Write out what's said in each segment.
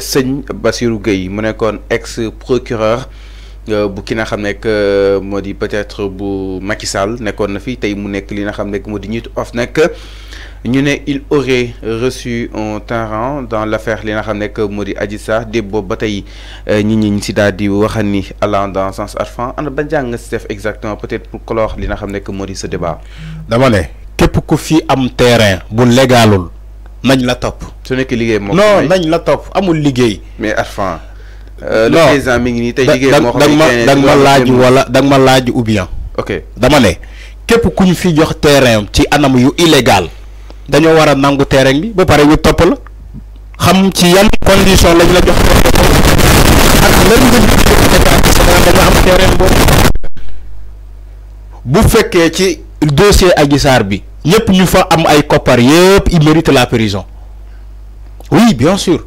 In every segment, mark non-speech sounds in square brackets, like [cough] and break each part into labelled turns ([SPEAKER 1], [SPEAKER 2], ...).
[SPEAKER 1] sëñ Bassirou Gueye mu nekkoon ex procureur euh, bu ki nga xam nekk euh, peut-être bu Macky Sall nekkoon na fi tey mu nekk li nga xam nekk moo di njiitu OFNAC il aurait reçu un terrain dans l'affaire affaire li nga xam nekk moo di Adji Sarr démb boobu ba tey euh, ñi ñi si di waxal ni allant dans sens arfan ana ba jàng nga si exactement peut-être pour clore li nga xam nekk ce débat.
[SPEAKER 2] dama ne képp ku fi am terrain bu légalul. nañ la topp. su nekkee liggéey moom nañ la topp amul liggéey. mais Arfan. Euh, le président mi ngi nii tey liggéey moo xam ne da ma laaj wala da ma laaj ou bien. dama ne képp ku ñu fi jox terrain ci anam yu illégal dañoo war a nangu terrain bi ba pare ñu topp la xam ci yan condition lañ la jox ak boobu. bu fekkee ci dossier Adji Sarr bi. Yep, ñu fa am ay koppar il mérite la prison oui bien sûr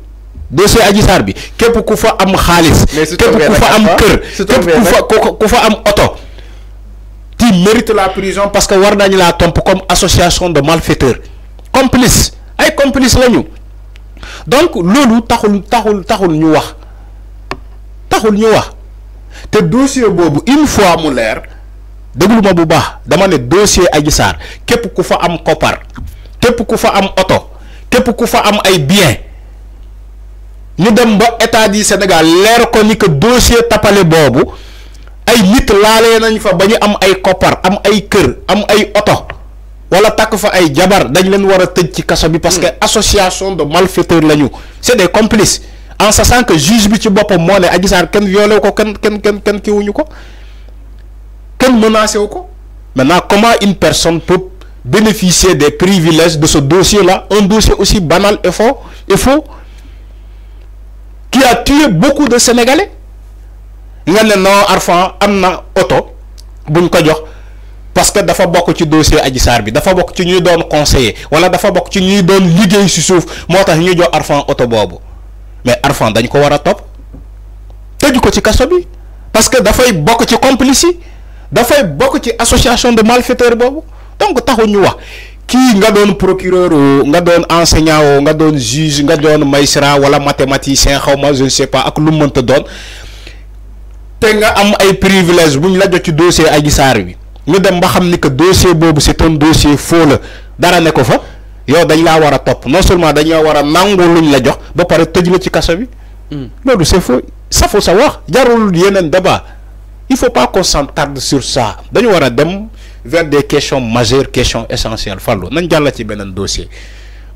[SPEAKER 2] dossier Adji Sarr bi képp ku fa am xaalis képp ku fa am kër képp ku fa ku fa am qui tu mérites la prison parce que war la tombe comme association de malfaiteurs complice ay complice lañu donc loolu taxul taxul taxul ñu wax taxul ñu wax te dossier bob une fois mu déglu ma bu baax dama ne dossier Adji Sarr képp ku fa am koppar képp ku fa am oto képp ku fa am ay bien ñu dem ba état du Sénégal leer ko ni que dossier tappale boobu ay nit laalee nañu fa ba ñu am ay koppar am ay kër am ay oto wala takk fa ay jabar dañ leen war a tëj ci kaso bi parce que hmm. association de malfaiteurs la ñu c'est des complices en sa que juge bi ci boppam moo ne Adji kenn yoole ko kenn kenn kenn kenn kiwuñu ko menacé au maintenant comment une personne peut bénéficier des privilèges de ce dossier là un dossier aussi banal et faux et faux qui a tué beaucoup de sénégalais Il y en Arfan am na auto, buñ ko parce que d'affaires beaucoup ci dossier à à bi dafa bokk ci conseil voilà conseiller wala dafa beaucoup ci ñuy doon l'idée si sauf moi tax dit jox Arfan auto mais Arfan dañ ko à top top du ko ci parce que dafay beaucoup ci complice d'affaires beaucoup ci association de malfaiteurs boobu donc taxu ñu wax kii nga don procureur ou nga don enseignant ou nga don juge nga doon magistrat wala mathématicien xaw je ne sais pas ak lu te donne te nga am ay privilège bu ñu la jot ci dossier à Sarr wi ñu dem ba xam ni que dossier bobu c'est un dossier faux la dara ne ko fa yow dañ la wara top non seulement dañ la wara a luñ la jox ba paré tëj la ci kaso bi hmm. loolu c'est faux ça faut savoir jarul yenen débat il faut pas qu'on s'entarde sur ça dañu wara dem vers des questions majeures questions essentielles fallo nañ jàll ci benen dossier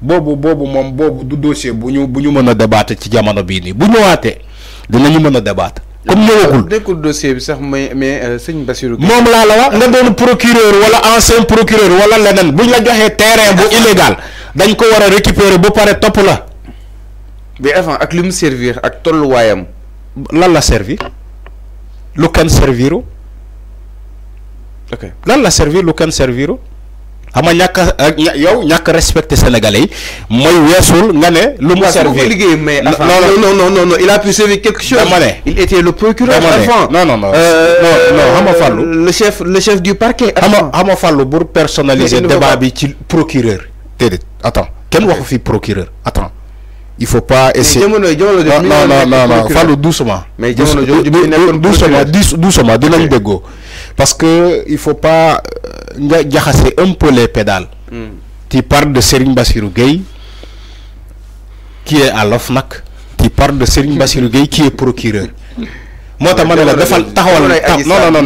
[SPEAKER 2] bobu bobu mom bobu du dossier buñu buñu mëna ñu débattre ci jamono bi ni buñu waté dinañu mëna a débattre comme ñëwagul dékul dossier bi sax
[SPEAKER 1] mais mais euh, seigne Bassirou mom la la wax nga doon procureur wala
[SPEAKER 2] ancien procureur wala leneen bu la joxé terrain bu illégal dañ ko wara récupérer bu paré top la mais avant ak li servir ak wayam lan la servir lu kenn serviru ok lan la servir lu kenn serviru xam a yow ñàkk respecté sénégalais yi mooy weesul lu mu servir non non non non non il a pu servir quelque chose il était le procureur avant non non non euh, non non euh, le chef le chef du parquet xam nga fallu pour personnaliser débat bi ci procureur déedéet attends Quel waxu fi procureur attends il faut pas essayer ah, non non non doucement mais doucement doucement parce que il faut pas euh, un peu les pédales hmm. tu parles de Serigne Bassirou qui est à l'OFNAC tu parles de Serigne Bassirou qui est procureur
[SPEAKER 1] la non non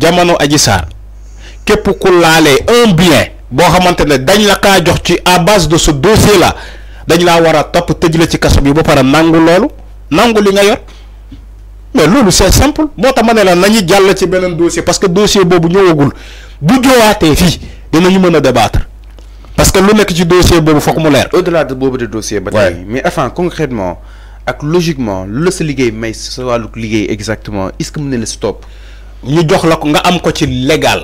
[SPEAKER 2] non un bien boo xamante ne dañ la kaa jox ci à base de ce dossier là dañ laa war a topp tëj la ci kaso bi ba pare nangu loolu nangu li nga yor mais loolu c'est simple moo tax ma ne la nañu jàll ci beneen dossier parce que dossier boobu ñëwagul bu jowaatee fii dinañu mën a débattre parce que lu nekk ci
[SPEAKER 1] dossier boobu foog mu leer. au-delà de boobu de dossier. ba mais enfin concrètement ak logiquement lu
[SPEAKER 2] se sa mais may sa wàllu liggéey exactement est-ce que mën na la stop. ñu jox la ko nga am ko ci légal.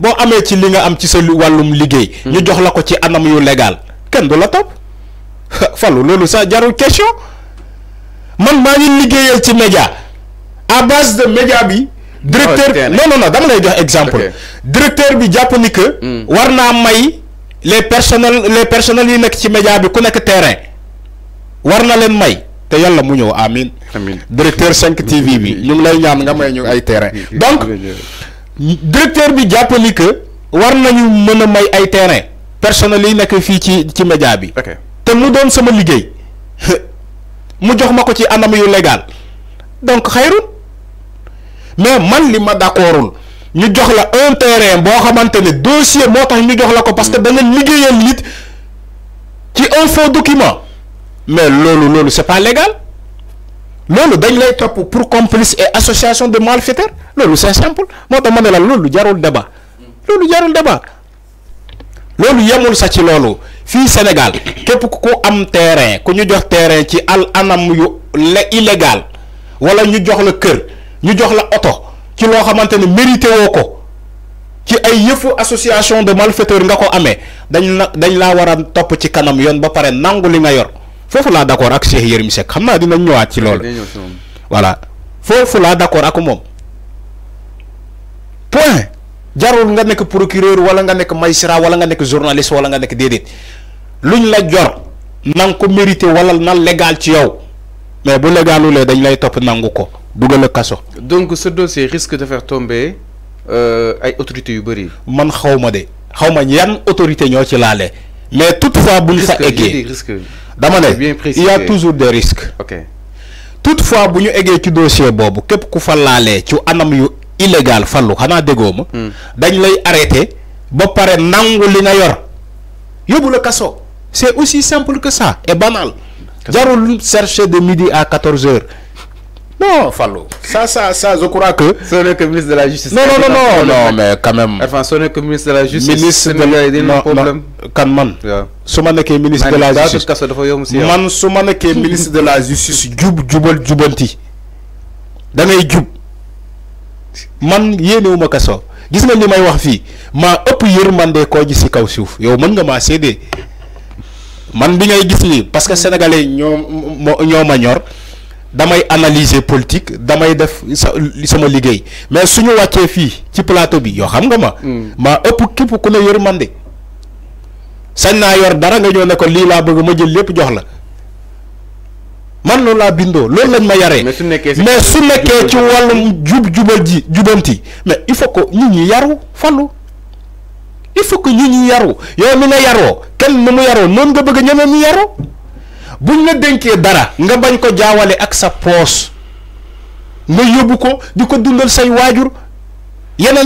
[SPEAKER 2] boo amee ci li nga am ci sa wàllum liggéey. Hmm. ñu jox la ko ci anam yu légal kenn du la topp [laughs] falu loolu sax jarul question man maa ngi liggéeyal ci média à de média bi. directeur oh, non non non dama lay jox exemple. directeur bi jàpp ni que. Hmm. war naa may les personnels les personnels yi nekk ci média bi ku nekk terrain war na leen may. te yàlla mu ñëw amin directeur 5 TV bi ñu ngi lay ñaan nga may ñu ay terrain hmm. donc. directeur bi jàpp ni que war nañu mën a may ay terrain personnel yi nekk fii ci ci média bi. te mu doon sama liggéey [laughs] mu jox ma ko ci anam yu légal donc xayrul mais man li ma d'accordul ñu jox la un terrain boo xamante ne dossier moo tax ñu jox la ko parce que hmm. da nga nit ci un faux document mais loolu loolu c'est pas légal. loolu dañ lay topp pour complice et association de malfaiteurs loolu c'est simple moo tax ma ne la loolu jarul débat loolu jarul débat loolu yemul sa ci loolu fii Sénégal képp ku am terrain ku ñu jox terrain ci al anam yu la illégal wala ñu jox la kër ñu jox la oto ci loo xamante ne mérité woo ko ci ay yëfu association de malfaiteurs nga ko amee dañ la dañ laa war a topp ci kanam yoon ba pare nangu li nga yor. foofu laa d' accord ak Cheikh Yérim Seck xam naa dinañ ñëwaat ci loolu. voilà foofu laa d' accord ak moom point jarul nga nekk procureur wala nga nekk magistrat wala nga nekk journaliste wala nga nekk déedéet ñu la jor na ko mérité wala na légal ci yow mais bu légalulee dañ lay topp nangu ko dugal a kaso.
[SPEAKER 1] donc ce dossier risque de faire tomber euh, ay autorités yu bëri.
[SPEAKER 2] man xaw ma de xaw ma yan autorité ñoo ci laale mais bu ñu fa eggee risque dama ne il y a toujours des risques. ok toutefois bu ñu eggee ci dossier boobu képp ku fa laalee ci anam yu illégal fallu xanaa déggoo ma. Hmm. dañ lay arrêté ba pare nangu li nga yor yóbbu la kaso. c'est aussi simple que ça et banal jarul chercher de midi à 14 heures. Non, Fallo. Ça, ça, ça, je crois que. Ce n'est que ministre de la Justice. Non, non, non, non, non mais quand même.
[SPEAKER 1] Enfin, ce n'est que ministre de la Justice. Ministre de la Justice. problème.
[SPEAKER 2] Quand man. Soumane est [laughs] ministre de la Justice.
[SPEAKER 1] Man,
[SPEAKER 2] ministre de la Justice. Djoub, djoubol, djoubanti. djoub. Man, ma kaso. dis may wax Ma, kaw man bi ngay parce que sénégalais damay analyser politique damay def sa sama liggéey mais suñu wàccee fii ci plateau bi yoo xam nga ma. Hmm. maa ëpp képp ku ne de sañ naa yor dara nga ñëw ne ko lii laa bëgg ma jël lépp jox la man loolu laa bindoo loolu lañ ma yaree. mais su nekkee ci wàllum jub jubal ji jubanti mais il faut que nit ñi yaru fallu il faut que nit ñi yaru yow mi ne yaroo kenn ni mu yaroo noonu nga bëgg ñeneen ñi yaroo. buñ la dara nga bañ ko jaawale ak sa nga ko diko dundal say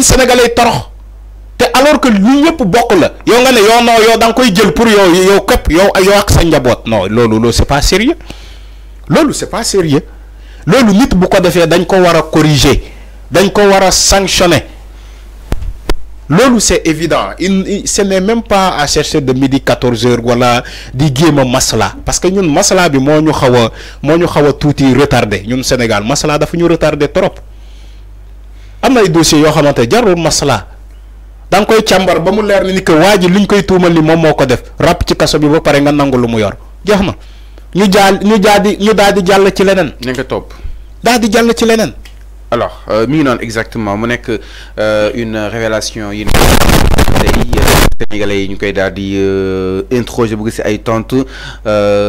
[SPEAKER 2] sénégalais te alors que lu yëpp bokk la yow nga né yo non yo dang koy jël pour yo yow yow yow ak sa non non non c'est pas sérieux non c'est pas sérieux lolu nit bu ko défé dañ ko corriger dañ sanctionner loolu c'est évident il ce n'est même pas à chercher de midi 14 heures wala di guema masala. masla parce que ñun masla bi moo ñu xaw a moo ñu xaw a retardé ñun Sénégal masla dafa ñu retardé trop amna ay dossier yo xamanté jarul masla dang koy càmbar ba mu leer ni que waji ji liñ koy tuumal ni mom moko def rap ci kasso bi ba pare nga nangul lu mu yor jeex ñu jaal ñu jaadi ñu daal jall ci lenen na nga topp daal ci lenen
[SPEAKER 1] alors euh, mi exactement, mon exactement que nekk euh, une révélation une tey sénégalais yi ñu koy daal di euh, introgé bu gis ay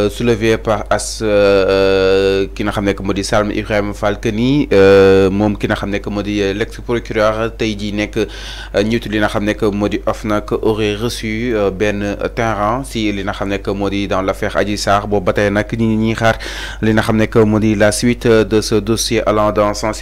[SPEAKER 1] soulevé par as ki n'a pas ne que moo di Salma Ibrahima Fall Kani moom ki nga que l'ex procureur tey Nek, nekk ñiitu li n'a xam que moo di que aurait reçu ben terrain si li n'a xam que dans l'affaire affaire Adji Sarr boobu ba tey nag ñi xaar li nga xam que la suite de ce dossier allant dans sens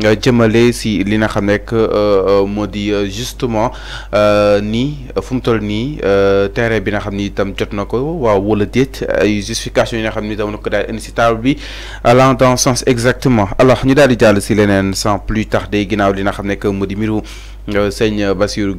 [SPEAKER 1] jëmale si li nga xam ne euh, euh, moo di euh, justement ni fu mu toll nii terrain bi nga xam ni itam jot na ko waaw wala déet ay justification yi nga xam ni itam ko daal indi si table bi allant dans sens exactement alors ñu daal di jàll si leneen sans plus tarder ginnaaw li nga xam que moo di mbiru sëñ Bassirou